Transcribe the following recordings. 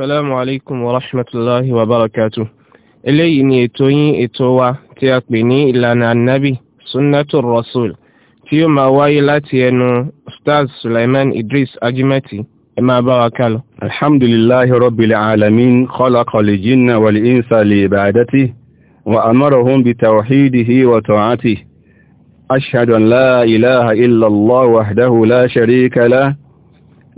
Assalamu alaikum wa rahmatullahi wa barakatuh. Eléyìí ni ètò yín ètò wa tí a pè ní ìlànà annabi Sunnatul Rasul tí ó máa wáyé láti ẹnu Ustaz Sulaiman Idris Ajimati. Ẹ máa bá wa kálọ. Alhamdulillahi Rabbil Alamin khalaqal jinna wal insa li ibadatihi wa amarahum bi tawhidihi wa ta'atihi. Ashhadu an la ilaha illa wahdahu la sharika lahu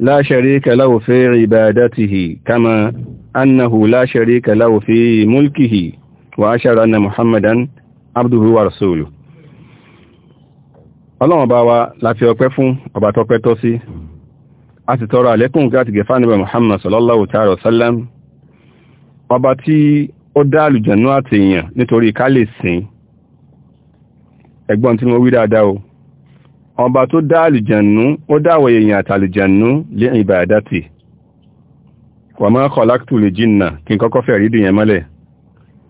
لا شريك له في عبادته كما أنه لا شريك له في ملكه وأشهد أن محمدا عبده ورسوله ọlọ́run ọba wa la fi ọpẹ́ fún ọba tọpẹ́ tọ́ sí a ti tọrọ àlékún gáàtì gẹ̀fà níbẹ̀ Muhammad sallallahu ta'ala wasallam ọba tí ó dá àlùjànnú àti èèyàn nítorí ká lè sìn ẹgbọ́n tí mo wí dáadáa o ọba tó dá àlìjànú ó dáwọ̀ èèyàn àtàlìjànú lé ìbàdàtì wà máa kọ̀ láktù lè jìnnà kí n kọ́kọ́ fẹ̀ rí dìyàn mọ́lẹ̀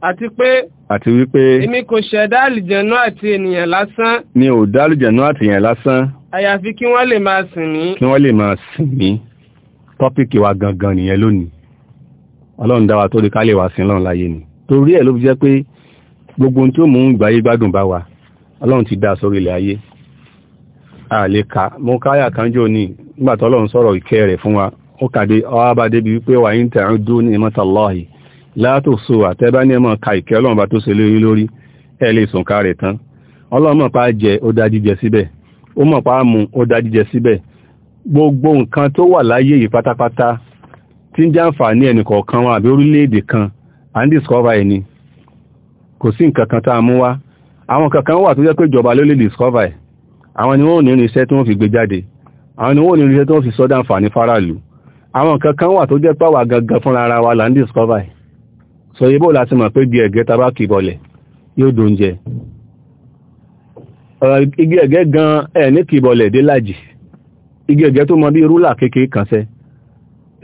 àti pé àti wípé èmi kò ṣẹ̀dá àlìjànú àti ènìyàn lásán mi ò dá àlìjànú àti èèyàn lásán àyàfi kí wọ́n lè máa sìn mí kí wọ́n lè máa sìn mí tọ́pìkì wa gangan nìyẹn lónìí ọlọ́run dá wa tó rí ká lè wá sí ọlọ́run láyé ni torí ẹ̀ ló fi jẹ́ pé gbogbo ohun tó mú ìgbáyé gbádùn bá wa ọlọ́run ti dá sórí ilẹ̀ ayé àlèkà mú káyà kan jò ní nígbàtí ọlọ́run sọ́rọ̀ ìkẹ́ fún wa ó kàdé ọwábá débi wípé wà ń tẹ̀rún dún ní ìmọ̀tàláhì látò àtẹ́bá ní ẹmọ̀ ka ìkẹ́ ọlọ́run bá tó ṣe lórí lórí ẹ lè sùn ká rẹ̀ tán pa jẹ ó dá jíjẹ síbẹ̀ ó mọ̀ pa ó dá jíjẹ síbẹ̀ gbogbo nǹkan tó wà láyé yìí pátápátá tí ń wa àbí orílẹ̀ kan à ń discover ẹni kò sí nǹkan kankan wà tó jẹ́ pé ìjọba ló lè àwọn ni wọ́n ní irinṣẹ́ tí wọ́n fi gbé jáde àwọn ni wọ́n ní irinṣẹ́ tí wọ́n fi sọ́dá àǹfààní faraàlú àwọn nǹkan kan wà tó jẹ́ pàwà gangan fúnra ara wa là ń discover sọ yẹ bóòlù àti mọ̀ pé bí ẹ̀gẹ́ tabaki bọ̀lẹ̀ yóò dóúnjẹ igi ẹ̀gẹ́ gan ẹ̀ ní kìbọ̀lẹ̀ dé lájì igi ẹ̀gẹ́ tó mọ bí rúlà kékeré kan sẹ́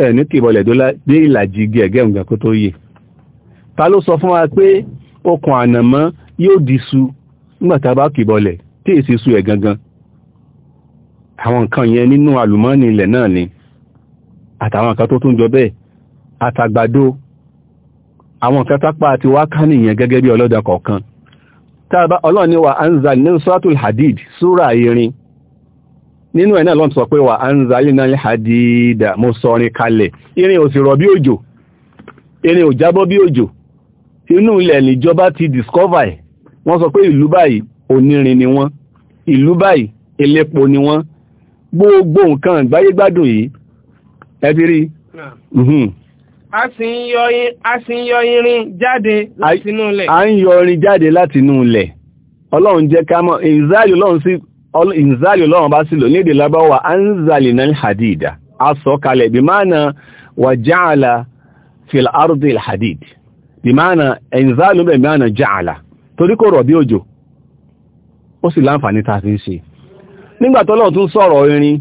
ẹ̀ ní kìbọ̀lẹ̀ dé ìlàjì igi ẹ̀gẹ́ ǹgbà kó tó yè ta ló sọ fún wa pé okùn ànàmọ́ yóò disu nígbà tá a bá kìbọ̀lẹ̀ tí èsì su ẹ̀ gangan àwọn nǹkan yẹn nínú àlùmọ́ọ́nì ilẹ̀ náà ni àtàwọn nǹkan tó tún jọ bẹ́ẹ̀ àtàgbàdo àwọn nǹkan tápá àti wákà nìyẹn gẹ́gẹ́ bí ọlọ́dà kọ̀ọ̀kan tàbá ọlọ́ni wa anza ní suratul hadid súra irin nínú ẹ̀ náà lọ́n sọ pé wa anza lina hadida mo sọ orin kalẹ̀ irin ò sì rọ̀ bí òjò irin ò jábọ́ bí òjò inú ilẹ̀ níjọba ti discover ẹ̀ wọ́n sọ pé ìlú báyìí onírin ni wọ́n ìlú báyìí elépo ni wọ́n gbogbo nǹkan ìgbáyégbádùn yìí ẹ ti rí mhm. a sì ń yọ irin jáde láti inú ilẹ̀ a ń yọ irin jáde láti inú ilẹ̀ ọlọ́run jẹ́ ká mọ̀ ìzáàlì ọlọ́run bá sílò ní èdè lábáwà anzali náà hadida a sọ kalẹ̀ bí máa na wà jáàlá fil ardi hadid bí máa na ẹ̀nzáàlù bẹ̀ máa na jáàlá torí kò rọ̀ bí òjò ó sì láǹfààní ta fi ń ṣe nígbà tọ́lọ̀ tún sọ̀rọ̀ irin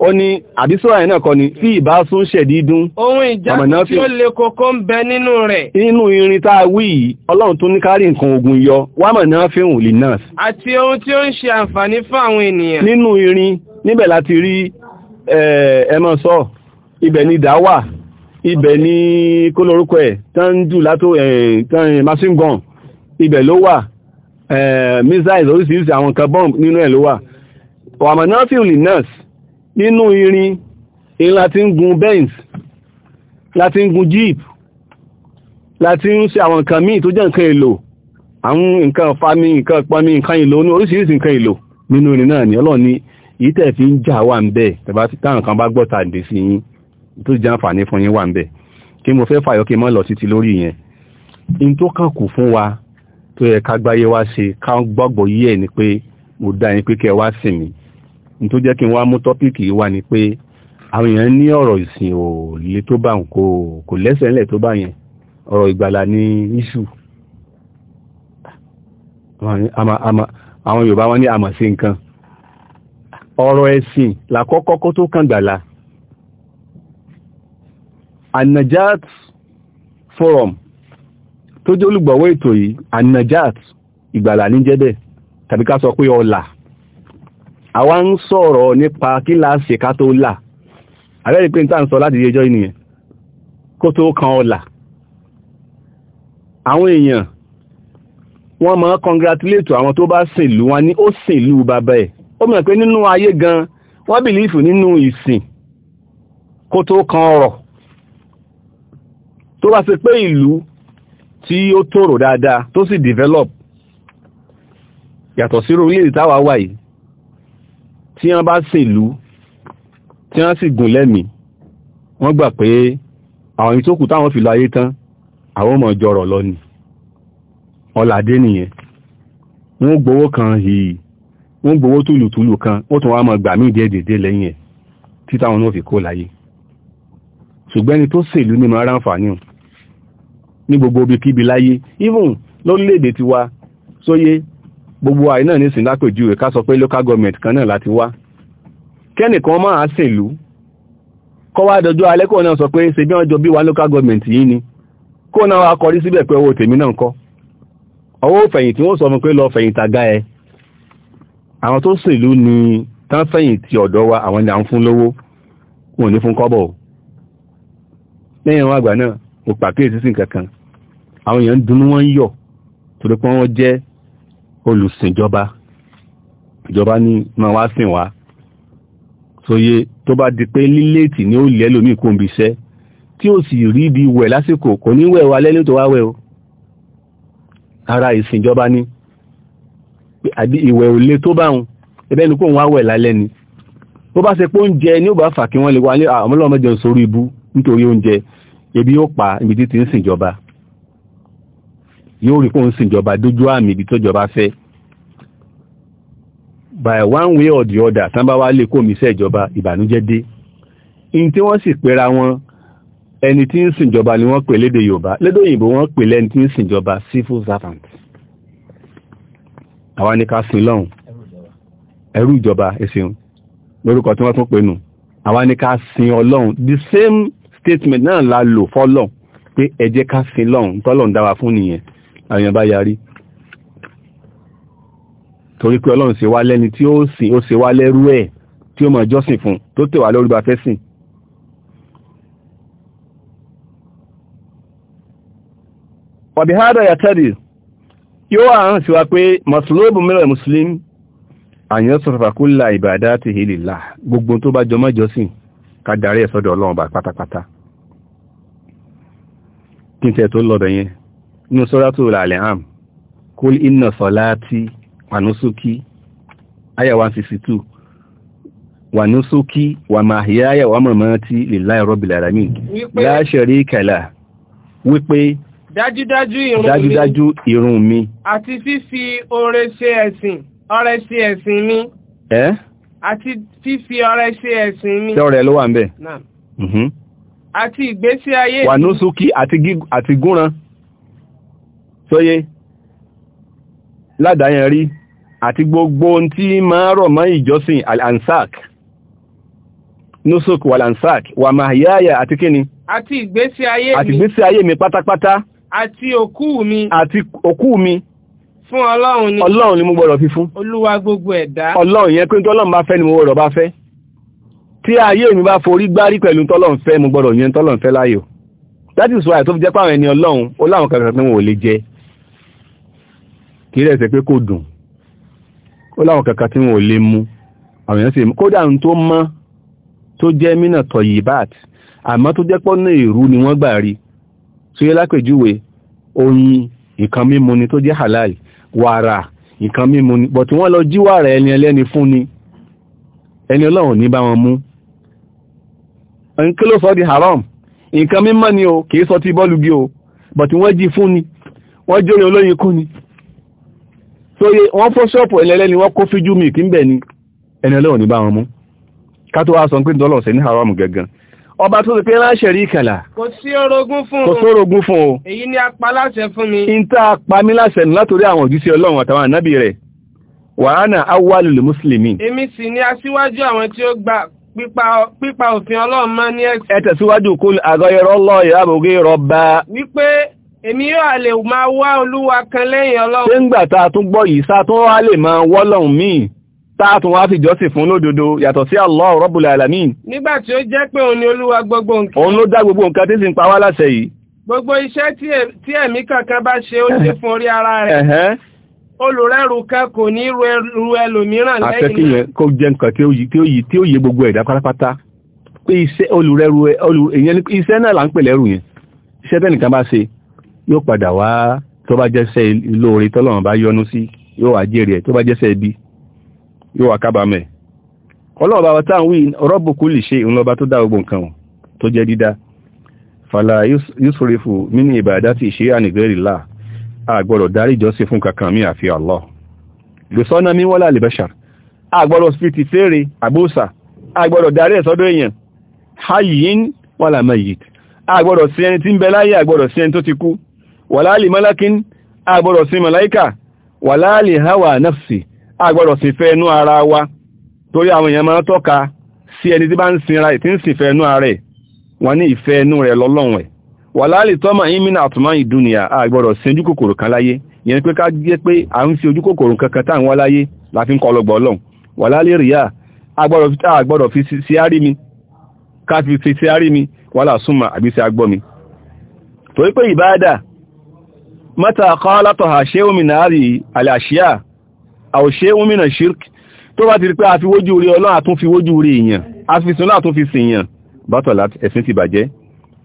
ó ní àdísọ́rọ̀ ẹ̀ náà kọ́ ni tí ìbá sún ṣẹ̀dí dún ohun ìjà tí ó le kókó ń bẹ nínú rẹ̀ nínú irin tá a wí yìí ọlọ́run tún ní kárí nǹkan ogun yọ wà mọ̀ náà fi hùn lè náà àti ohun tí ó ń ṣe àǹfààní fún àwọn ènìyàn nínú irin níbẹ̀ láti rí ẹmọ sọ ibẹ̀ ni dá ibẹ̀ ni kólorúkọ ẹ̀ tán jù látó ẹ̀ tán masingan ibẹ̀ ló wà Eh, missiles oríṣiríṣi àwọn nǹkan bomb nínú ẹ̀ ló wà wàmọ̀náfíùlì nurse nínú irin irin láti ń gun benz láti ń gun jeep láti ń ṣe àwọn nǹkan míì tó jẹ́ nǹkan èlò àwọn nǹkan fami nǹkan pọnmi nǹkan èlò ní oríṣiríṣi nǹkan èlò nínú irin náà ni ọlọ́ni yìí tẹ̀ fi ń jà wà ń bẹ̀ táwọn kan bá gbọ́ta dé sí yín tó jẹ́ àǹfààní fún yín wà ń bẹ̀ kí mo fẹ́ fàyọ kí mọ́ lọ títí lórí yẹn in tó kàn kù fún wa tó yẹ ká gbáyé wá ṣe ká gbọ́gbọ́ yí ẹ̀ ni pé mo dá yín pé kẹ́ wá sìn mí ní tó jẹ́ kí n wá mú tọ́pìkì wá ni pé àwọn èèyàn ní ọ̀rọ̀ ìsìn ò le tó bá kò kò lẹ́sẹ̀ ńlẹ̀ tó bá yẹn ọ̀rọ̀ ìgbàlà ní iṣu àwọn Yorùbá wọn ní àmọ̀ nǹkan ọ̀rọ̀ ẹ̀sìn làkọ́kọ́ tó kàn gbàlà anajat forum tó jẹ́ olùgbọ̀wọ́ ètò yìí anajat ìgbàlà ní jẹ́bẹ̀ tàbí ká sọ pé ọlà àwa ń sọ̀rọ̀ nípa kí la ṣe ká tó là àbẹ́rẹ̀ pé níta ń sọ láti yẹjọ́ ènìyàn kó tó kan ọlà àwọn èèyàn wọ́n máa congratulate àwọn tó bá sìnlú wọn ní ó sìnlú bàbá ẹ̀ ó mọ̀ pé nínú ayé gan wọ́n bìlífù nínú ìsìn kó tó kan ọ̀rọ̀ tó bá ṣe pé ìlú tí ó tòrò dáadáa tó sì develop yàtọ̀ sí orílẹ̀-èdè táwa wà yìí tí wọ́n bá ṣèlú tí wọ́n sì gùn lẹ́mí wọ́n gbà pé àwọn ìtókù táwọn fi lọ ayé tán àwọn ọmọ ìjọrọ̀ lọ ni ọ̀làdé nìyẹn wọ́n gbowó kan yìí wọ́n gbowó túlùtúlù kan ó tún wá mọ̀ gbà mí díẹ̀ dédé lẹ́yìn ẹ̀ tí táwọn náà fi kó láyé ṣùgbẹ́ni tó ṣèlú ní máa ráǹfààní hàn ní gbogbo ibikíbi láyé even lórílẹ̀-èdè ti wa sóyé gbogbo àì náà nísìn lápèjúwe ká sọ pé local government kan náà láti wá kẹ́nìkan máa ṣèlú kọ́ wá dọjọ́ alẹ́kọ̀ọ́ náà sọ pé ṣe bí wọ́n jọ bí wa local government yìí ni kó náà wá kọrí síbẹ̀ pé owó tèmi náà kọ́ ọwọ́ fẹ̀yìntì wọ́n sọ fún pé lọ fẹ̀yìntì àga ẹ àwọn tó ṣèlú ni tán fẹ̀yìntì ọ̀dọ́ wa àwọn ni à ń fún lówó wọn ò ní fún kọ́bọ̀ lẹ́yìn wọn àgbà náà kò pàkíyèsí sí nǹkan kan àwọn èèyàn ń dunú wọn ń yọ̀ torí pé wọ́n jẹ́ olùsìnjọba ìjọba ní máa wá sìn wá sóye tó bá di pé líléètì ni ó lẹ́ lómi kó ń bi iṣẹ́ tí ó sì rí ibi wẹ̀ lásìkò kò ní wẹ̀ wa lẹ́lẹ́ tó wá wẹ̀ o ara ìsìnjọba ni àbí ìwẹ̀ ò le tó bá wọn ẹbẹ́ ni kó wọn wẹ̀ lálẹ́ ni bó bá ṣe pé oúnjẹ ní ó bá fà kí wọ́n lè wá ní àwọn sórí ibú nítorí oúnjẹ ebi yóò pa ibi títí ń sìnjọba yóò rí kóun sìnjọba dójú àmì ibi tó jọba fẹ́ by one way or the other tán bá wá lè kó mi sẹ́jọba ìbànújẹ́ dé in tí wọ́n sì pera wọn ẹni tí ń sìnjọba ni wọ́n pè lédè Yorùbá lédè òyìnbó wọ́n pè lẹ́ni tí ń sìnjọba civil servant àwa ní ká sin lọ́hùn ẹrú ìjọba ẹ̀sìn lórúkọ tí wọ́n tún pè nù àwa ní ká sin Ọlọ́hun the same statement náà la lò fọ́lọ̀ pé ẹ jẹ́ ká sin lọ́hun tọ́lọ̀ ń dá wa fún nìyẹn àwọn bá yarí torí pé ọlọ́run ṣe wá lẹ́ni tí ó sìn ó ṣe wá lẹ́rú ẹ̀ tí ó mọ̀ jọ́sìn fún tó tẹ̀wá lórí bá fẹ́ sìn wàbí hádà yóò àrùn sí wa pé mọ̀sùlùmí mìíràn muslim àyàn sọ̀rọ̀fà kúlà ìbàdá ti hìlìlà gbogbo tó bá jọmọ́ jọ́sìn ká darí ẹ̀ ọlọ́run bá pátápátá kí n tẹ̀ tó lọ́dọ̀ yẹn inú suratul Al-An'am kul inna salati wa nusuki aya 162 wa nusuki wa mahyaya wa mamati lillahi rabbil alamin la sharika la wípé dájúdájú irun mi dájúdájú irun mi àti fífi oore ṣe ẹ̀sìn ọrẹ ṣe ẹ̀sìn mi ẹ́ àti fífi ọrẹ ṣe ẹ̀sìn mi tẹ́ ọrẹ ló wà ń bẹ̀ àti ìgbésí ayé wà nósókí àti gúnran sóyé ládàáyàn rí àti gbogbo ohun tí máa rọ̀ mọ́ ìjọsìn al-ansak nósókí lansak wà máa yáyà àti kíni àti ìgbésí ayé mi àti ìgbésí ayé mi pátápátá Ati òkú mi àti òkú mi fún ọlọ́run ni ọlọ́run ni mo gbọ́dọ̀ fi fún olúwa gbogbo ẹ̀dá ọlọ́run yẹn pé tí ọlọ́run bá ni mo gbọ́dọ̀ bá fẹ́ tí ayé mi bá forí gbárí pẹ̀lú tọ́lọ́n fẹ́ mo gbọ́dọ̀ yẹn tọ́lọ́n fẹ́ láyò that is why tó fi jẹ́ pàwọn ẹni ọlọ́run ó láwọn kan kan pé wọn ò lè jẹ kì í rẹ̀sẹ̀ pé kò dùn ó láwọn kankan tí wọn ò lè mu àwọn èèyàn sì mú kódà ń tó mọ́ tó jẹ́ mínà tọ̀yì bat àmọ́ tó jẹ́ pọ́nà ìrú ni wọ́n gbà rí tó yẹ lápèjúwe oyin nǹkan mímu ni tó jẹ́ halal wàrà nǹkan mímu ni bọ̀tí wọ́n lọ jí wàrà ẹni ẹlẹ́ni fún ni ẹni ọlọ́run ní bá wọn mú nǹkan ló sọ di haram nǹkan mímọ́ ni o kìí sọ ti bọ́ọ̀lù bí o but wọ́n jí fún ni wọ́n jórin olóyin kú ni so ye wọ́n fọ́ ṣọ́ọ̀pù ẹlẹ́lẹ́ ni wọ́n kó fíjú mi kí ń bẹ̀ ni ẹni ọlọ́run ní bá wọn mú ká tó wá sọ pé dọ́lọ̀ ṣe ní haram gangan ọba tó ti pé ránṣẹ́ rí ìkàlà kò sí orogún fún o èyí ni apá láṣẹ fún mi ń tá apá mi láṣẹ nù látòrí àwọn òjíṣẹ́ ọlọ́run àtàwọn ànábì rẹ̀ wàhánà awwalul muslimin èmi sì ni aṣíwájú àwọn tí ó gbà pípa òfin ọlọ́run mọ́ ní ẹ̀sìn. ẹ tẹ̀síwájú kó àgọ́yẹrọ lọ ìyábògé rọba. wípé èmi yóò àlè máa wá olúwa kan lẹ́yìn ọlọ́run. ṣé ń gbà tá a tún gbọ́ yìí sá tún wá lè máa wọ́lọ́run míì táàtùn wá fi jọ́sìn fún lódodo yàtọ̀ sí Allah Rabbul Alamin. nígbà tí ó jẹ́ pé òun ni olúwa gbogbo nǹkan. òun ló dá gbogbo nǹkan tí sì ń pa wá láṣẹ yìí. gbogbo iṣẹ́ tí ẹ̀mí kankan bá ṣe ó ṣe fún orí ara rẹ̀ olùrẹ́rù kan kò ní ru ẹlòmíràn lẹ́yìn àfẹ́ kí yẹn kó jẹ́ nǹkan tí ó yí tí ó yé gbogbo ẹ̀dá pátápátá pé iṣẹ́ olùrẹ́rù ìyẹn iṣẹ́ náà là ń pè lẹ́rù yẹn iṣẹ́ tẹ́nìkan bá ṣe yóò padà wá tó bá jẹ́ṣẹ́ lóore tọ́lọ́run bá yọ́nú sí yóò wá jèrè ẹ̀ tó bá jẹ́ṣẹ́ ibi yóò wá kábàámẹ̀ ọlọ́ọ̀bá wa táwọn wí rọ́bù lè ṣe ìrànlọ́ba tó dá gbogbo nǹkan tó jẹ́ dídá fàlà yusrifu mini ìbàdá ti ṣe ànìgbẹ́rì láà àgbọ̀rọ̀ darí ìjọsìn fún kankan mi àfi Allah lùsọ́nà mi wọ́lá àlìbẹ́ṣà àgbọ̀rọ̀ spiriti fèrè àgbóòsà àgbọ̀rọ̀ darí ẹ̀sọ́dọ̀ èèyàn hayin wọ́lá mayit àgbọ̀rọ̀ sí ẹni tí ń bẹ láyé àgbọ̀rọ̀ sí ẹni tó ti ku wọ́lá àlì malakin àgbọ̀rọ̀ sí malaika wọ́lá àlì hawa nafsi àgbọ̀rọ̀ sí fẹ́ inú ara wa torí àwọn èèyàn máa tọ́ka sí ẹni tí bá ń sin ra ẹ̀ tí ń sin ara ẹ̀ wọ́n ní ìfẹ́ inú rẹ̀ wà láàrín tọ́mà ìmìnà àtùmá ìdúnìyà àgbọ̀rọ̀ sí ojú kòkòrò kan láyé yẹn pé ká jẹ́ pé à ń fi ojú kòkòrò kankan táwọn wá láyé láfi ń kọ ọlọgbọ̀ ọlọ́run wà láàrín ríà àgbọ̀rọ̀ fi sí árí mi ká fi fi sí árí mi wà láàsúnmà àbí sí agbọ́ mi torí pé ìbáadà mọ́ta kan látọ̀ àṣẹ òmìnà àrí àlàṣíà àwòṣe òmìnà shirk tó bá ti rí pé a fi wójú rí ọlọ́run àtún wójú rí èèyàn a fi sun látún sìn èèyàn bátọ̀ ẹ̀sìn ti bàjẹ́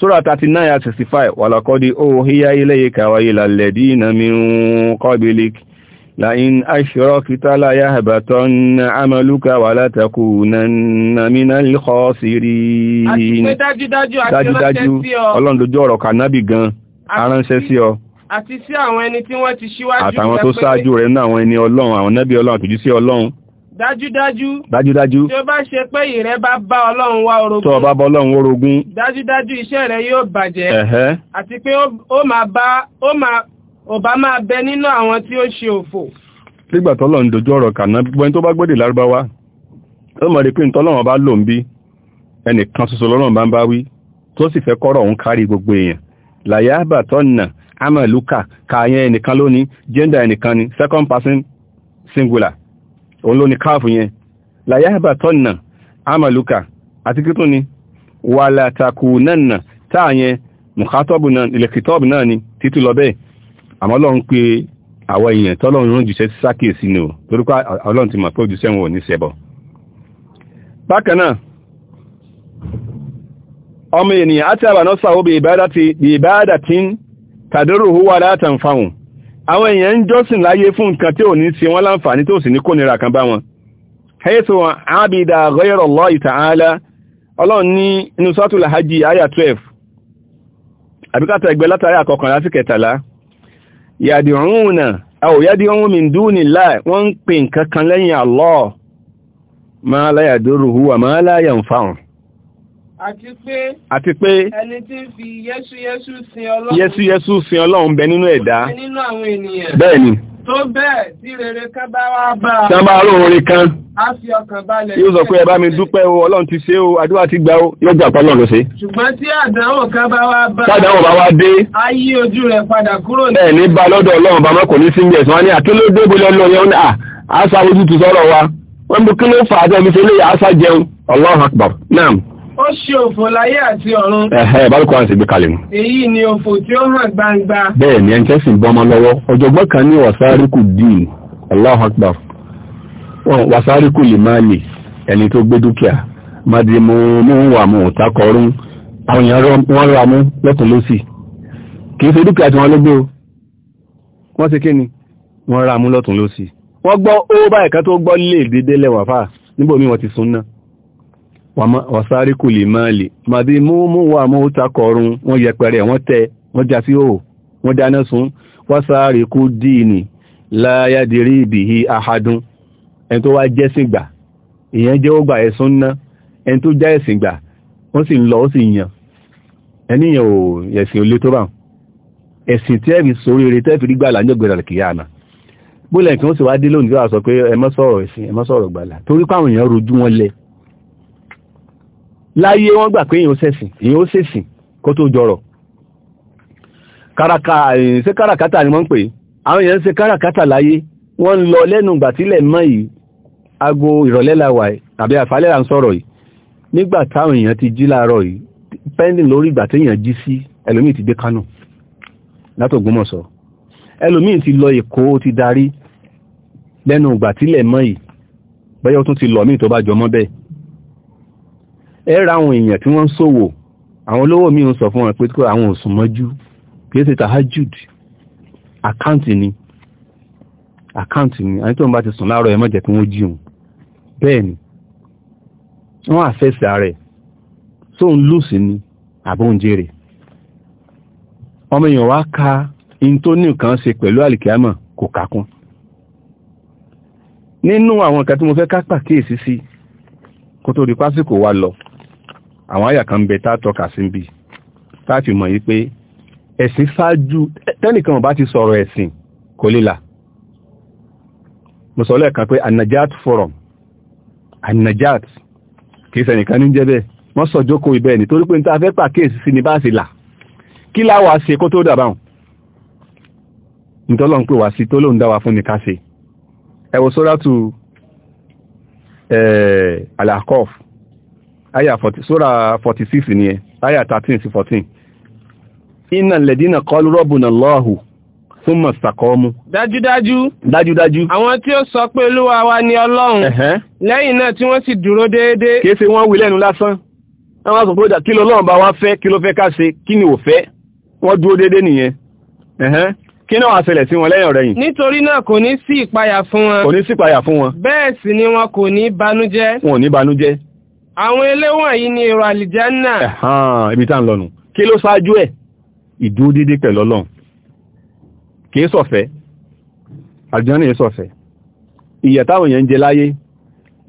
Sura 39 ayah 65 Walakodi uhiya ilayka wa ila alladina min qablik la in ashrakta la yahbatanna amaluka wa la takunanna minal khasirin Dájúdájú dájúdájú Ọlọ́run lójú ọ̀rọ̀ kanabi ọ àti sí àwọn ẹni tí wọ́n ti ṣíwájú àtàwọn tó ṣáájú rẹ̀ nínú àwọn ẹni Ọlọ́run àwọn nábì Ọlọ́run àtòjú sí Ọlọ́run dájúdájú dájúdájú tí ó bá ṣe pé ìrẹ́ bá bá ọlọ́run wá orogún tó bá bá ọlọ́run orogún dájúdájú iṣẹ́ rẹ̀ yóò bàjẹ́ ẹ̀hẹ́ àti pé ó máa bá ó máa ọba máa bẹ nínú àwọn tí ó ṣe òfò nígbà tọ́lọ̀ ń dojú ọ̀rọ̀ kàná gbọ́n tó bá gbọ́dè lárúbáwá ó mọ̀ rí pé ntọ́lọ́run bá lò ń bí ẹnìkan ṣoṣo lọ́rùn bá ń bá wí tó sì fẹ́ kọ́rọ̀ òun kárí gbogbo èèyàn làyà àbàtọ́nà amaluka kààyàn ẹnìkan lónìí gender ẹnìkan ni second person singular òun ló ní káàfù yẹn tọ́nà amaluka àti kí tó ni wà látàkù náà táà mùkátọ́bù náà ilẹ̀kìtọ́bù náà ni títí lọ bẹ́ẹ̀ àmọ́ pé àwọn èèyàn tọ́lọ́run rán jùṣẹ́ sákèsí ni ò Ọlọ́run ti mọ̀ pé òjùṣẹ́ wọn ní ọmọ ènìyàn àwọn èèyàn ń jọ́sìn láyé fún nǹkan tí ò ní ṣe wọ́n láǹfààní tó sì ní kan bá wọn abida ghayra Allah ọlọ́run ní inú suratul hajj aya 12 àbíkàtà ẹgbẹ́ látàrí àkọkànlá sí kẹtàlá yàdìrún àti pé àti pé ẹni tí ń fi yẹ́súyẹ́sú sin ọlọ́run yẹ́súyẹ́sú sin ọlọ́run bẹ nínú ẹ̀dá nínú àwọn ènìyàn bẹ́ẹ̀ ni tó bẹ́ẹ̀ tí rere ká bá wá bá a bá rò orin kan a fi ọkàn balẹ̀ yóò sọ pé ẹ bá mi dúpẹ́ o ọlọ́run ti ṣe o àdúrà ti gbà o yóò gbà pọ́ lọ́run ló ṣe. ṣùgbọ́n tí àdánwò ká bá wá bá a tádánwò bá wá dé a yí ojú rẹ̀ padà kúrò ní. bẹ́ẹ̀ ní bá lọ́dọ̀ ọlọ́run bàmọ́ kò ní síngẹ̀ wa wọ́n mú kí ló fà á tẹ́ mi àṣà jẹun Allahu Akbar naam ó ṣe òfò láyé àti ọ̀run. ẹ̀hẹ́ bábí kọ́ra sì gbé kalẹ̀ nù. èyí ni òfò tí ó hàn gbangba. bẹ́ẹ̀ ni ẹnjẹ́ sì ń bọ́ ọmọ lọ́wọ́ ọ̀jọ̀gbọ́n kan ní wasaariku dín Allahu Akbar wasaariku lè máa lè ẹni tó gbé dúkìá madimu mú wà mú takọrún àwọn èèyàn wọ́n ra mú lọ́tún kì í ṣe dúkìá tí wọ́n ló gbé o wọ́n ṣe kí ni wọ́n ra mú lọ́tún lọ́sì wọ́n gbọ́ ó báyìí kan tó gbọ́ lè dédé lẹ́wàá fà níbo mi wọ́n ti sún náà wàsárí kù lè máa lè màdí múmú wà mú takọrun wọ́n yẹpẹrẹ wọ́n tẹ wọ́n já sí òhò wọ́n dáná sun wàsárí kù díìnì láyádìrí ìbìhí ahadun ẹni tó wá jẹ́sìn gbà ìyẹn jẹ́ ó gbà ẹ̀sùn ná ẹni tó já ẹ̀sìn gbà wọ́n sì ń lọ ó sì yàn ẹníyàn ò ẹ̀sìn olé tó bá ẹ̀sìn tí ẹ̀rì sóríire tẹ́ẹ̀fì rí gbà láńjọ́ gbẹ̀rẹ̀ kìí àná bólẹ̀ kí sì wá dé lónìí tó wà sọ pé ẹ ẹ̀sìn ẹ gbàlà torí pàwọn èèyàn rojú wọn lẹ̀ láyé wọ́n gbà pé èyàn sẹ́sìn èyàn sẹ́sìn kó tó jọrọ̀ káràkà ṣe káràkátà ni wọ́n ń pè àwọn èèyàn ṣe káràkátà láyé wọ́n ń lọ lẹ́nu ìgbà tílẹ̀ mọ́ yìí aago ìrọ̀lẹ́ àbí àfálẹ́ à ń sọ̀rọ̀ yìí nígbà táwọn èèyàn ti jí láàárọ̀ yìí pending lórí ìgbà téèyàn jí sí ẹlòmíì ti dé Kánò látògbómọ̀ṣọ́ ẹlòmíì ti lọ Èkó ti darí lẹ́nu ìgbà tílẹ̀ mọ́ yìí bẹ́yọ́ tún ti lọ míì tó bá jọmọ́ bẹ́ẹ̀ ẹ ra àwọn èèyàn tí wọ́n ń ṣòwò àwọn olówó mi ń sọ fún wọn pé kó àwọn òsùn mọ́jú kìí ṣe tahajud àkáǹtì ni àkáǹtì ni àti tóun bá ti sùn láàárọ̀ ẹ má jẹ́ kí wọ́n jí bẹ́ẹ̀ ni wọ́n àfẹ́sì ààrẹ sóun lùsì ni àbóúnjẹ rẹ̀ ọmọ èèyàn wá ka in tó ní nǹkan ṣe pẹ̀lú àlìkíámọ̀ kò kàkún nínú àwọn nǹkan tí mo fẹ́ ká pàkíyèsí sí kó tó di pásíkò wa lọ àwọn àyà kan bẹ tá tọ́ka sí bí táàfì mọ̀ yí pé ẹ̀sìn ṣáájú tẹ́nìkan bá ti sọ̀rọ̀ ẹ̀sìn kò lè mo sọ lẹ́ẹ̀kan pé anajat forum anajat kìí sẹ́nìkan ní jẹ́ bẹ́ẹ̀ wọ́n sọ jókòó ibẹ̀ nítorí pé níta fẹ́ pàkíyèsí sí ni bá sì là kí láwàá ṣe kó tó dàbáhùn nítọ́lọ́ ń pè wá sí tó lóun dáwà fún ní ká ṣe ẹ wo sóràtù eh, Al-Ahqaf aya 40 sura 46 ni ẹ aya 13 sí 14 Inna ladina qalu rabbuna Allahu thumma istaqamu Daju daju. àwọn tí ó sọ pé olúwa wa ni ọlọ́run lẹ́yìn náà tí wọ́n sì dúró déédéé kéèsè wọ́n wí lẹ́nu lásán àwọn sọ pé ó dà kí lọ́lọ́run bá wá fẹ́ fe, kilo fe ká ṣe kí ni ò fẹ́ wọ́n dúró déédéé nìyẹn kí náà wá ṣẹlẹ̀ sí wọn lẹ́yìn ọ̀rẹ́yìn. nítorí náà kò ní sí ìpayà fún wọn. kò ní sí ìpayà fún wọn. bẹ́ẹ̀ sì ni wọn kò ní banújẹ́. wọn ò ní àwọn eléwọ̀n yìí ni èrò àlìjánà ibi tá ń lọ́nu kí ló ṣáájú ẹ̀ ìdúró dédé pẹ̀lú ọlọ́run kìí sọ̀fẹ́ àlìjánà yìí sọ̀fẹ́ ìyà táwọn èèyàn ń jẹ láyé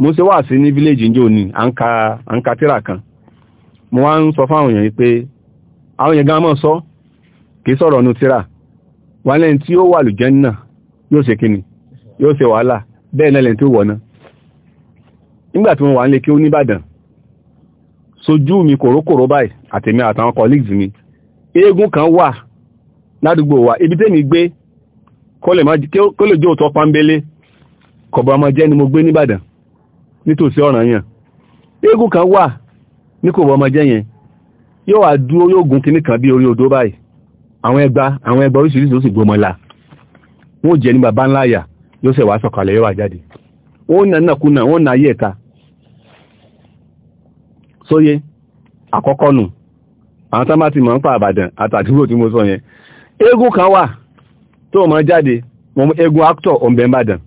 mo ṣe wà sí ní fílẹ̀jì ń jò ní à ń ka tíra kan mo wá ń sọ fáwọn èèyàn pé àwọn èèyàn gan mọ́ sọ kìí sọ̀rọ̀ ọ̀nù tíra wọ́n lẹ́yìn tí ó wà lùjẹ́nà yóò ṣe kíni yóò ṣe wàhálà bẹ́ẹ̀ nígbà tí wọ́n wà ń lè kí ó níbàdàn sojú mi kòrókòró báyìí ati àtàwọn colleagues mi eégún kan wà ládùúgbò wa ibi tẹ́mi gbé kó lè jẹ́ òtọ́ pánbélé kọ̀bọ̀ ọmọ jẹ́ ni mo gbé nìbàdàn nítòsí ọ̀ràn eégún kan wà ní kọ̀bọ̀ ọmọ jẹ́ yẹn yóò dúró yóò gun kan bí orí odó báyìí àwọn ẹgba àwọn sóyé àkọ́kọ́ nù àwọn tán bá ti mọ̀ ń pa àbàdàn àtàdúgbò tí mo sọ yẹn eégún kan wà tó mọ̀ jáde mo mú actor ọ̀bẹ̀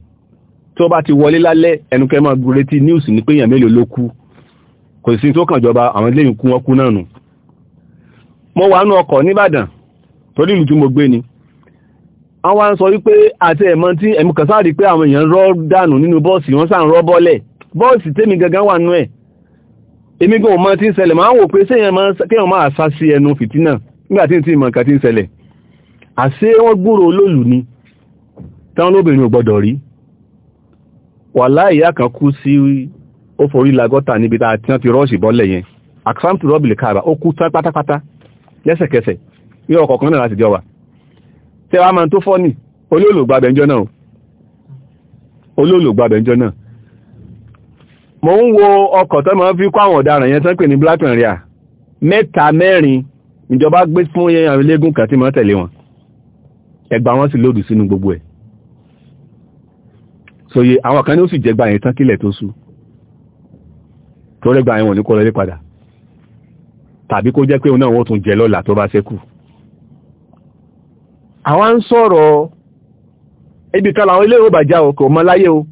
tó bá ti wọlé lálẹ́ ẹnukẹ́ máa news ní pé èèyàn mélòó ló kú kò sí tó kàn jọba àwọn iléyìn kú wọn kú náà nù mo wà nú ọkọ̀ nìbàdàn torí ìlú tí mo gbé ni àwọn ń sọ wípé àti ẹ̀mọ́ tí ẹ̀mú kan sáà rí pé àwọn èèyàn rọ́ dànù nínú bọ́ọ̀sì wọ́n sáà ń rọ́ bọ́lẹ̀ bọ́ọ̀sì tèmi gangan wà nú ẹ̀ èmi gan mọ́ tí ń ṣẹlẹ̀ máa ń wò pé kéèyàn máa sá sí ẹnu fìtínà nígbà tí ń tí mọ̀ nǹkan tí ń ṣẹlẹ̀ àṣé wọ́n gbúrò olóòlù ni táwọn lóbìnrin ò gbọ́dọ̀ rí wàláhì ìyá kan kú sí ó forí la gọ́tà níbi tá a ti rọ́ọ̀ṣì bọ́lẹ̀ yẹn àkàtúntò rọ́bìlì káàbà ó kú tán pátápátá lẹ́sẹ̀kẹsẹ̀ ní mo ń wo ọkọ̀ tó máa fi kó àwọn ọ̀daràn yẹn tán ní black maria mẹ́ta mẹ́rin ìjọba gbé fún yẹn àwọn ilégún kan tí máa tẹ̀lé wọn ẹgbà wọn sì lòdù sínú gbogbo ẹ̀ sòye àwọn kan ní ó sì jẹgba yẹn tán kílẹ̀ tó sú tó rẹ́gba yẹn wọ̀n ní kó lọlé padà tàbí kó jẹ́ pé òun náà wọ́n tún jẹ lọ́la tó bá ṣẹ́kù àwa ń sọ̀rọ̀ ibi kan làwọn ilé ìwé bàjá o kò mọ láyé o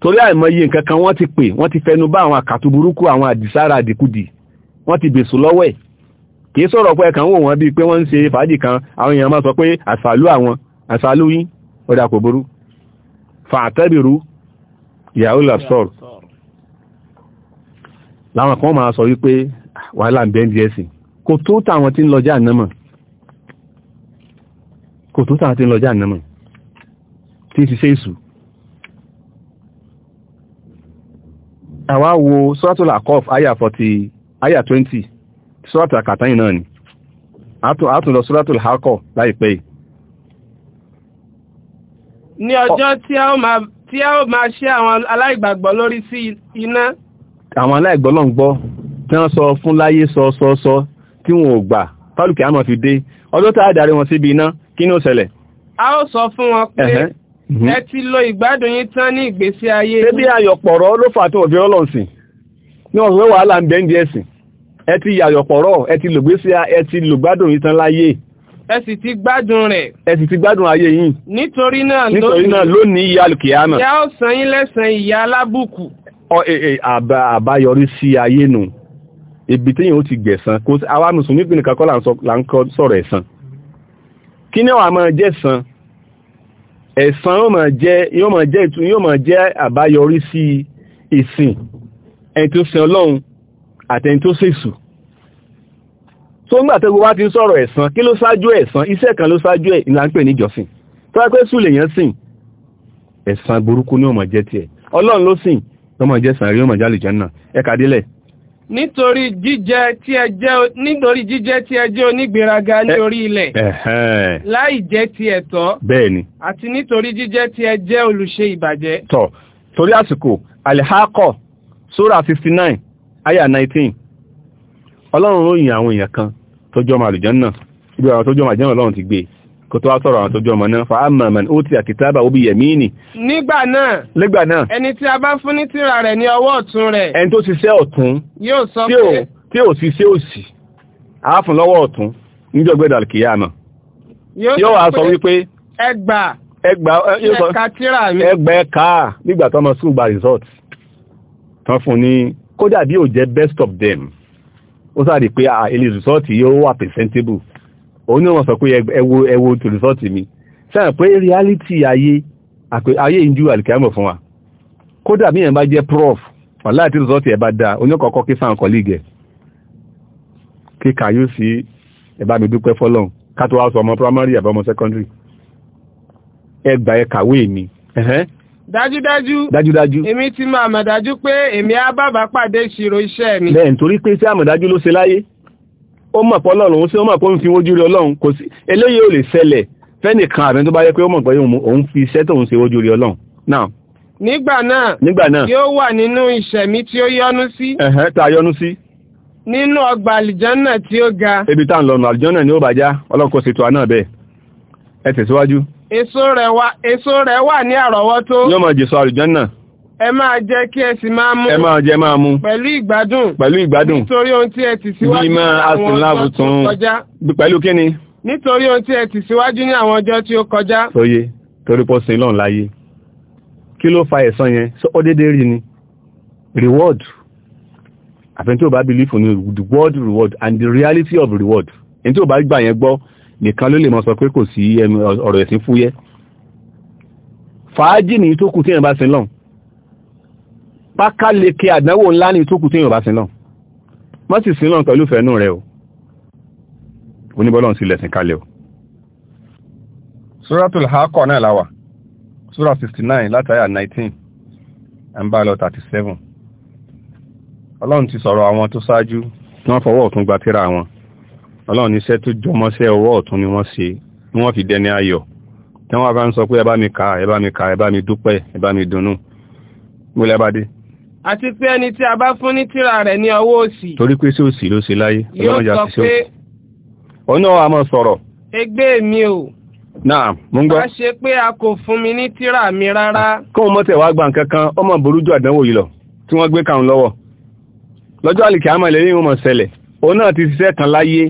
torí àìmọye nǹkan kan wọ́n ti pè wọ́n ti fẹnu bá àwọn àkàtú burúkú àwọn àdìsára àdìkudì wọ́n ti bèsù lọ́wọ́ ẹ̀ kìí sọ̀rọ̀ pé ẹ̀kan wò wọ́n bíi pé wọ́n ń ṣe fàájì kan àwọn èèyàn máa sọ pé àṣàlú àwọn àṣàlú yín ọ̀dà kò burú fàtẹ́bìrú ìyàwó làṣọ̀r láwọn kan máa sọ wípé ah, wàhálà ń bẹ́ ń di kò tó táwọn tí ń lọjá ànámọ̀ kò tó táwọn tí ń lọjá ànámọ̀ tí ń ṣiṣẹ́ ìsù àwa wo suratul akọf àyà 40 àyà 20 suratul àkàtàyìn náà ni àtún lọ suratul hakọ láìpẹ́ yìí ní ọjọ́ tí a ó máa tí a ó máa ṣe àwọn aláìgbàgbọ́ lórí sí iná. àwọn aláìgbọ́ lọ́n gbọ́ tí wọ́n sọ fún láyé sọ sọ sọ tí wọn ò gbà tálùkì àmọ́ fi dé ọjọ́ tá a darí wọn síbi iná kí ni ó ṣẹlẹ̀. a ó sọ fún wọn pé Mhm. ẹ ti lọ ìgbádùn yín tán ní ìgbésí ayé yín. ṣébí àyọ̀pọ̀rọ̀ ló fà tó òfin ọlọ́sìn ní ọ̀sán wàhálà ń bẹ́ndì ẹ̀sìn ẹ ti yàyọ̀pọ̀rọ̀ ẹ ti lògbésí ẹ ti lògbádùn yín tán láyé. ẹ sì ti gbádùn rẹ̀. ẹ sì ti gbádùn ayé yín. nítorí náà lónìí nítorí náà lónìí ìyà kìámà. ìyà ó san yín lẹ́san ìyà alábùkù. ọ ee e, àbáyọrí sí ayé nù ibi téèyàn ó ti gbẹ̀san kó àwa mùsùlùmí pínlẹ̀ kakọ́ là ń sọ̀rọ̀ ẹ̀san kí ni àwọn àmọ́ jẹ́ ẹ̀san yóò máa jẹ́ yóò máa jẹ́ ìtún yóò máa jẹ́ àbáyọrí sí ìsìn ẹni tó sin ọlọ́run àtẹni tó sèṣù tó ń gbà gbogbo wá ti ń sọ̀rọ̀ ẹ̀san kí ló ṣáájú ẹ̀san iṣẹ́ kan ló ṣáájú ẹ̀ ìlà ń pè ní ìjọsìn tó wá pé sùn lèèyàn sìn ẹ̀san burúkú ni ó máa jẹ́ tiẹ̀ ọlọ́run ló sìn yóò máa jẹ́ sàn rí yóò jálè jẹ́ náà ẹ nítorí jíjẹ tí ẹ je nítorí jíjẹ tí ẹ jẹ́ onígbéraga ní eh, orí ilẹ̀ láì ti e je àti nítorí jíjẹ tí ẹ olùṣe tọ torí àsìkò alihakọ sura fifty nine aya nineteen ọlọ́run yin àwọn èèyàn kan tó jọmọ àlùjànnà ibi àwọn ọlọ́run ti gbé e. kò tó wá sọ̀rọ̀ àwọn àtọ́jú ọmọ náà fàámà man ó ti àkìtàbà ó bí yẹ̀mí nì. nígbà náà nígbà náà ẹni tí a bá fún ní tírà rẹ̀ ní ọwọ́ ọ̀tún rẹ̀. ẹni tó ṣiṣẹ́ ọ̀tún yóò sọ pé tí ò ṣiṣẹ́ òsì àáfún lọ́wọ́ ọ̀tún níjọ́ gbẹ́dọ̀ kìyàmà. yóò sọ wípé ẹgbà ẹka nígbà tó ọmọ sùn gba tán fún ní kódà bí ò jẹ́ best of them ó sáà rí pé àìlè ah, result yóò wà presentable òun náà wọ́n sọ pé ẹwo ẹwo tó mi sáà pé reality ayé ayé ìjú àlìkàmọ̀ fún wa kódà bí yẹn bá jẹ́ prof wà láti rìsọ́ọ̀tì ẹ̀ bá dáa oníkọ̀ọ́kọ́ kí sáà kọ̀lígẹ̀ kíkà yóò sí ẹ̀bá mi dúpẹ́ fọ́lọ́n kátó wá sọ ọmọ primary àbọ̀mọ secondary ẹgbà ẹ kàwé mi dájúdájú dájúdájú èmi ti máa mọ̀ dájú pé èmi á bàbá pàdé ìṣirò iṣẹ́ mi bẹ́ẹ̀ nítorí pé sí àmọ̀dájú ló ṣe láyé ó mọ̀ pọ̀ lọ́rùn sí ó mọ̀ pọ̀ ń fi ojú rí ọlọ́run kò sí eléyìí ò lè ṣẹlẹ̀ fẹ́nìkan àbẹ́ tó bá yẹ pé ó mọ̀ pé òun fi iṣẹ́ tóun ṣe ojú rí ọlọ́run náà nígbà náà nígbà náà yóò wà nínú ìṣẹ̀mí tí ó yọ́nú sí ẹ̀hẹ́ tá a yọ́nú sí nínú ọgbà àlìjánà tí ó ga ebi tá à ń lọ ni ó bàjá ọlọ́run kò ṣètò àná bẹ́ẹ̀ ẹ tẹ̀síwájú èso rẹ̀ wà ní ẹ máa jẹ kí ẹ sì máa mú. ẹ máa jẹ máa mú. pẹ̀lú ìgbádùn. pẹ̀lú ìgbádùn. nítorí ohun tí ẹ ti síwájú ní àwọn ọjọ́ tí ó kọjá. pẹ̀lú kí ni. nítorí ohun tí ẹ ti síwájú ní àwọn ọjọ́ tí ó kọjá. sóye torí pọ́ sin lọ́n láyé kí ló fa ẹ̀san yẹn sọ ọ́ déédéé rí ni reward àfẹ́ tí o bá believe ní the word reward and the reality of reward ẹni tí o bá gbà yẹn gbọ́ nìkan ló lè mọ sọ pé kò sí ọ̀rọ̀ ẹ̀sìn fúyẹ́ fàájì nìyí tó kù tí ẹ̀ bá sin lọ́n pákáleke àdánwò ńlá ní ìtókù tí yóò bá sin náà má sì sin náà pẹ̀lú fẹ̀ẹ́nú rẹ̀ o oníbọ́lọ́n sí lẹ̀sìn kalẹ̀ o suratul Haqqah náà láwà sura 69 látàyà 19 and lọ 37 ọlọ́run ti sọ̀rọ̀ àwọn tó ṣáájú tí wọ́n fọwọ́ ọ̀tún gba wọn ọlọ́run iṣẹ́ tó jọmọ́ṣẹ́ ọwọ́ ọ̀tún ni wọ́n ṣe ni wọ́n fi dẹni ayọ̀ tí wọ́n bá ń sọ pé ẹ bá mi kà ẹ bá mi kà ẹ bá mi dúpẹ́ ẹ bá mi dunnú gbólẹ́bádé àti pé ẹni tí a bá fún ní tírà rẹ̀ ní ọwọ́ òsì torí pé sí òsì ló ṣe láyé yóò sọ pé ọ̀nà àmọ́ sọ̀rọ̀ ẹgbẹ́ mi o náà mú gbọ́ bá ṣe pé a kò fún mi ní tírà mi rárá kó mọ́ tẹ̀ wá gba nǹkan kan ọmọ burújú àdánwò yìí lọ tí wọ́n gbé kàún lọ́wọ́ lọ́jọ́ àlìkí àmọ́ ilẹ̀ ní ìwọ̀n ṣẹlẹ̀ òun náà ti ṣiṣẹ́ kan láyé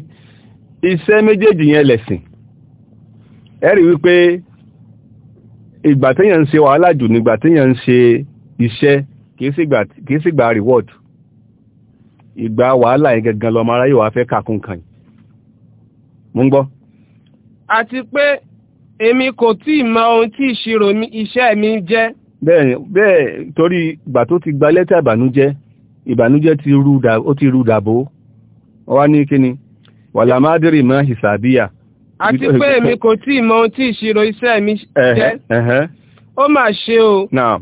iṣẹ́ méjèèjì yẹn lẹ̀sìn ẹ̀rí wípé ìgbà téèyàn ń ṣe wàhálà jù nígbà téèyàn ń ṣe iṣẹ́ kìí sì gba reward ìgbà wàhálà yẹn gangan lọ́mọ aráyé wà fẹ́ kàkún kan mú ń gbọ́. àti pé èmi kò tí ì mọ ohun tí ìṣirò iṣẹ́ mi jẹ́. bẹ́ẹ̀ bẹ́ẹ̀ torí ìgbà tó ti gba lẹ́tà ìbànújẹ́ ìbànújẹ́ ti rú dàbò wá ní kíni wàlàmádìrì mọ́ hìsàbíyà. àti pé èmi kò tí ì ohun tí ìṣirò iṣẹ́ mi jẹ́. ó mà ṣe o. naam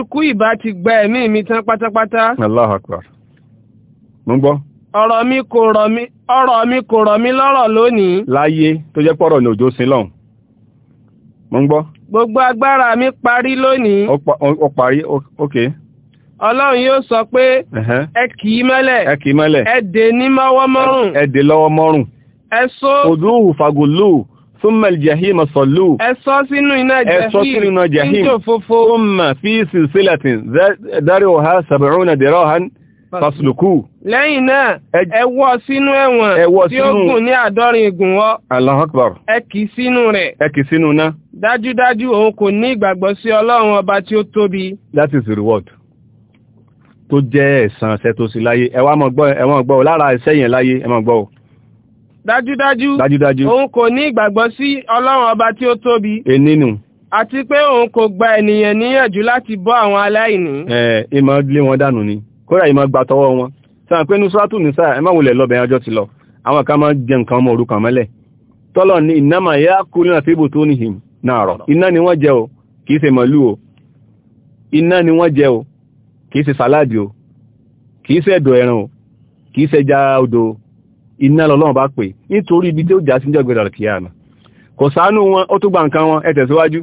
ikú ìbá ti gba ẹ̀mí mi tán pátápátá. Allahu Akbar. mo ń gbọ́. ọ̀rọ̀ mi kò rọ̀ mí ọ̀rọ̀ mi kò rọ̀ mí lọ́rọ̀ lónìí. láyé tó jẹ́ pọ̀rọ̀ ní òjò sí lọ́hùn. mo ń gbọ́. gbogbo agbára mi parí lónìí. ó parí ok. Ọlọ́run yóò sọ pé ẹ kì í mọ́lẹ̀ ẹ kì í mọ́lẹ̀ ẹ dè ní mọ́wọ́ mọ́rùn ẹ dè lọ́wọ́ mọ́rùn ẹ só òdúhù fàgùlù ثم الجحيم صلوا اساسينو iná jahim esosinu ثم في سلسلة درعها 70 ذراعا fasuluku. lẹ́yìn náà ẹ wọ́ sínú ẹ̀wọ̀n tí ó gùn ní àádọ́rin igun wọ́. Allahu Akbar. ẹ kì í sínú rẹ̀. ẹ kì í sínú ná. dájúdájú òun kò ní ìgbàgbọ́ sí that is the reward tó jẹ́ ẹ̀san ṣẹ́ tó sí láyé ẹ wá mọ̀ gbọ́ ẹ wọ́n gbọ́ lára iṣẹ́ yẹn láyé ẹ mọ̀ gbọ́ dájúdájú dájúdájú òun kò ní ìgbàgbọ́ sí ọlọ́run ọba tí ó tóbi ẹnínú àti pé òun kò gba ènìyàn níyànjú láti bọ́ àwọn aláìní. ẹ ẹ máa lé wọn dànù ni kódà yìí gba tọwọ́ wọn nisa ẹ má wulẹ̀ ọjọ́ ti àwọn kan máa jẹ nǹkan ọmọ mẹ́lẹ̀ tọ́lọ̀ ni wọ́n jẹ o ṣe o iná ni wọ́n jẹ o iná lọ́lọ́wọ́ bá pè nítorí ibi tí ó já sí jẹ́gbẹ̀rẹ̀ àkíyàmà kò sánú wọn ó tó gba nǹkan wọn ẹ tẹ̀síwájú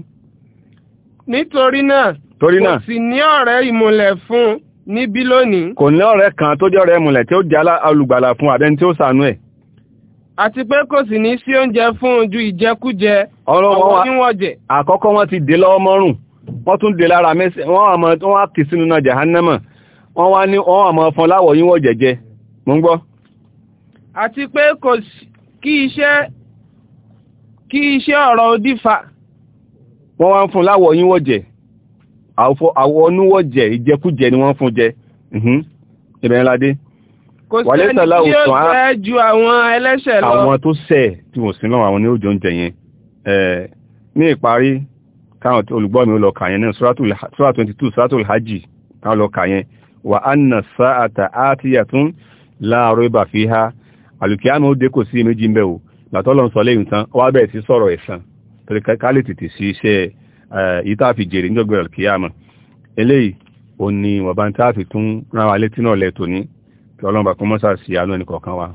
nítorí náà kò sì ní ọ̀rẹ́ ìmùlẹ̀ fún níbí lónìí kò ní ọ̀rẹ́ kan tó jẹ́ ọ̀rẹ́ ìmùlẹ̀ tí ó já alùgbàlà fún àbẹ́ni tí ó sànú ẹ̀ àti pé kò sì ní sí oúnjẹ fún ojú ìjẹkújẹ ọwọ́ níwọ̀jẹ̀ àkọ́kọ́ wọ́n ti àti pé kò kí iṣẹ́ kí iṣẹ́ ọ̀rọ̀ òdífà. wọ́n wá ń fún láwọ̀ yín wọ̀jẹ̀ àwọn onúwọ̀jẹ̀ ìjẹkújẹ ni wọ́n fún jẹ mhm. ìbẹ̀rẹ̀ ládé. kò sẹ́ni tí ó fẹ́ ju àwọn ẹlẹ́ṣẹ̀ lọ. àwọn tó ṣẹ̀ tí wọ́n sí lọ́wọ́ àwọn ní òjò oúnjẹ yẹn ní yẹn sura 22 suratul hajj káwọn lọ kà yẹn wà á nà sáà àlùkìyàmọ́ ó dé kò sí méjì ń bẹ̀ o gbàtọ́lọ́ ń sọ lẹ́yìn tán wá bẹ̀rẹ̀ sí sọ̀rọ̀ ẹ̀san torí ká lè tètè sí iṣẹ́ ìta fi jèrè níjọ́gbẹ̀ àlùkìyàmọ́ eléyìí ó ní wọ̀nba tá a fi tún rán wa létí náà lẹ́tò ní kí ọlọ́run bá kún mọ́sà sí àánú ẹnì kọ̀ọ̀kan wa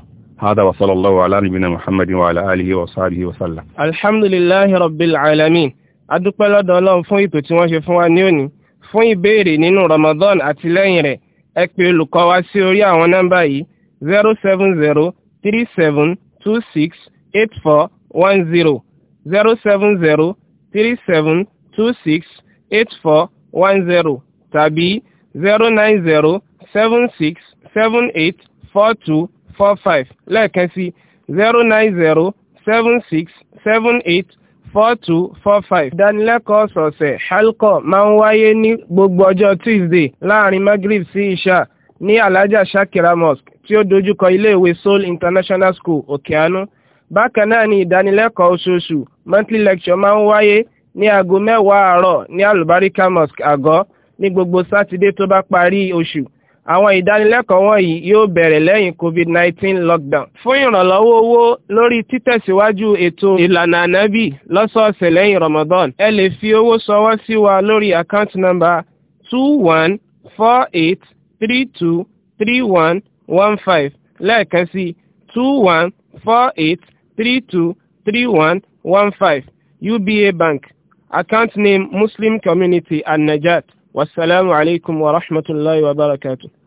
هذا وصلى الله على نبينا محمد وعلى آله وصحبه وسلم الحمد لله رب العالمين adúpẹ́ lọ́dọ̀ ọlọ́run fún ètò tí wọ́n ṣe fún wa ní òní fún ìbéèrè nínú Ramadan ati lẹ́yìn rẹ̀ ẹ pè olùkọ́ wa sí orí àwọn nọ́mbà yìí zero seven zero three seven two six eight four one zero zero seven zero three seven two six eight four one zero tàbí zero nine zero seven six seven eight four two four five lẹ́ẹ̀kan sí zero nine zero seven six seven eight four two four five. ìdánilẹ́kọ̀ọ́ ọ̀sọ̀ọ̀sẹ̀ halkọ́ máa ń wáyé ní gbogbo ọjọ́ tuesday láàrin magrib sí isha ní alhaja shakira mosque tí ó dojúkọ iléèwé Seoul International School Òkèánú bákan náà ni ìdánilẹ́kọ̀ọ́ oṣooṣù monthly lecture máa ń wáyé ní aago mẹ́wàá àárọ̀ ní Alubarika Mosque Àgọ́ ní gbogbo sátidé tó bá parí oṣù àwọn ìdánilẹ́kọ̀ọ́ wọ̀nyí yóò bẹ̀rẹ̀ lẹ́yìn covid-19 lockdown. fún ìrànlọ́wọ́ owó lórí títẹ̀síwájú ètò ìlànà ànábì lọ́sọ̀ọ̀sẹ̀ lẹ́yìn ramadan ẹ lè fi owó sọwọ́ sí wa lórí account number two one four eight three two three one one five lẹ́ẹ̀kan sí two one four eight three two three one one five UBA Bank account name Muslim Community and Najat wasalaamu alaykum wa rahmatulahi wa barakatuh.